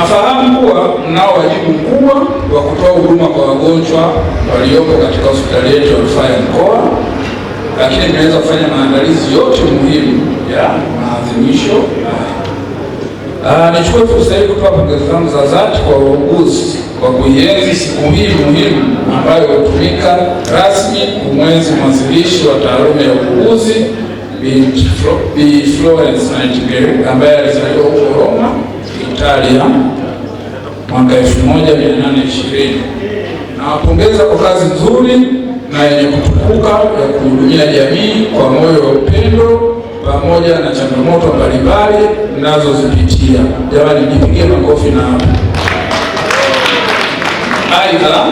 Nafahamu kuwa mnao wajibu mkubwa wa kutoa huduma kwa wagonjwa walioko katika hospitali yetu ya rufaa ya mkoa, lakini mnaweza kufanya maandalizi yote muhimu ya maadhimisho haya. Uh, nichukue fursa hii kutoa pongezi zangu za dhati kwa wauguzi kwa kuienzi siku hii muhimu ambayo hutumika rasmi kumwenzi mwanzilishi wa taaluma ya uuguzi Bi Florence Nightingale ambaye alizaliwa Italia mwaka 1820 nawapongeza kwa kazi nzuri na yenye kutukuka ya kuhudumia jamii kwa moyo wa upendo pamoja na changamoto mbalimbali mnazozipitia. Jamani, nipigie makofi na hapo. Aidha,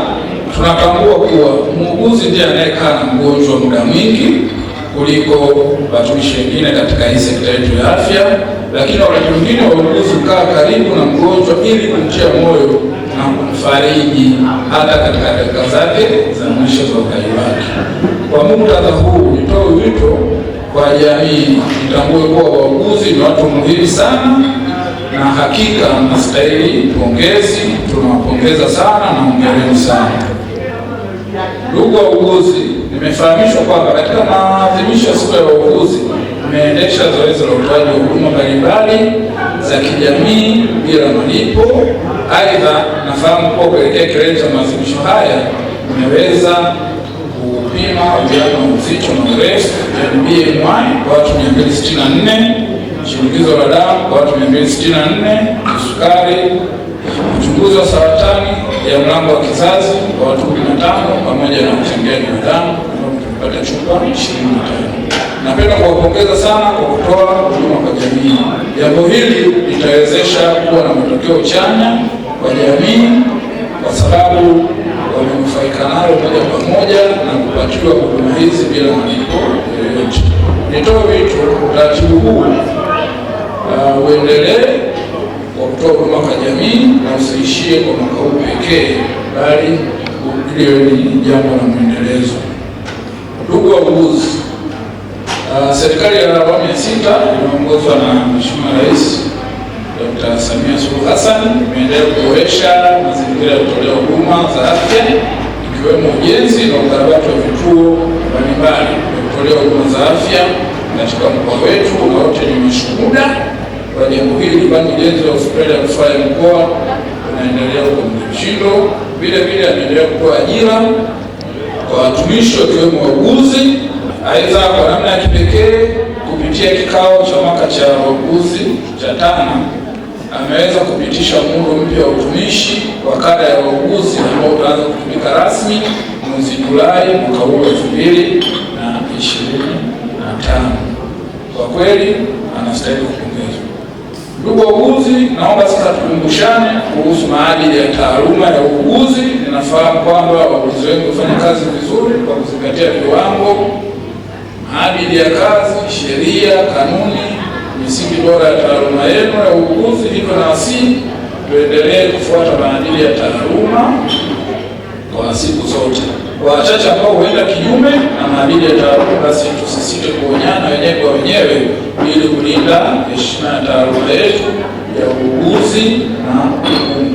tunatambua kuwa muuguzi ndiye anayekaa na mgonjwa muda mwingi kuliko watumishi wengine katika hii sekta yetu ya afya, lakini wakati mwingine wauguzi ukaa karibu na mgonjwa ili kumtia moyo na kumfariji hata katika dakika zake za mwisho za uhai wake. Kwa muktadha huu, nitoe wito kwa jamii itambue kuwa wauguzi ni watu muhimu sana na hakika mnastahili pongezi. Tunawapongeza sana na hongereni sana ndugu wauguzi. Nimefahamishwa kwamba katika maadhimisho ya siku ya wauguzi mmeendesha zoezi la utoaji wa huduma mbalimbali za kijamii bila malipo. Aidha, nafahamu kuwa kuelekea kilele cha maadhimisho haya mmeweza kupima ujana uzito na urefu yaani BMI kwa watu 264, shinikizo la damu kwa watu 264, kisukari uchunguzi wa saratani ya mlango wa kizazi wa watu 15 pamoja na kuchangia wa damu kupata chupa 25. Napenda kuwapongeza sana kwa kutoa huduma kwa jamii. Jambo hili litawezesha kuwa na matokeo chanya kwa jamii, kwa sababu wamenufaika nayo moja kwa moja na kupatiwa huduma hizi bila malipo yoyote. Nitoe wito, utaratibu huu uh, uendelee wa mwaka jamii na usiishie kwa mwaka huu pekee, bali liwe ni jambo la mwendelezo. Ndugu wauguzi, uh, ah, serikali ya awamu ya sita inaongozwa na Mheshimiwa Rais Dr. Samia Suluhu Hassan imeendelea kuboresha mazingira ya kutolea huduma za afya ikiwemo ujenzi na ukarabati wa vituo mbalimbali vya kutolea huduma za afya katika mkoa wetu, na wote ni mashuhuda kwa jambo hili nyumbani ujenzi wa hospitali ya rufaa ya mkoa unaendelea kwa Mshindo. Vile vile ameendelea kutoa ajira kwa watumishi wakiwemo wauguzi. Aidha, kwa namna ya kipekee kupitia kikao cha mwaka cha wauguzi cha tano ameweza kupitisha muundo mpya wa utumishi wa kada ya wauguzi ambao utaanza kutumika rasmi mwezi Julai mwaka huu elfu mbili na ishirini na tano. Kwa kweli anastahili kupongezwa. Ndugu wauguzi, naomba sasa tukumbushane kuhusu maadili ya taaluma ya uuguzi. Ninafahamu kwamba wauguzi wengi hufanya kazi vizuri kwa kuzingatia viwango, maadili ya kazi, sheria, kanuni, misingi bora ya taaluma yenu ya uuguzi. Hivyo na wasii tuendelee kufuata maadili ya taaluma kwa siku zote. Kwa wachache ambao huenda kinyume na maadili ya taaluma, basi tusisite kuonyana wenyewe kwa wenyewe ili kulinda heshima ya taaluma yetu ya uuguzi na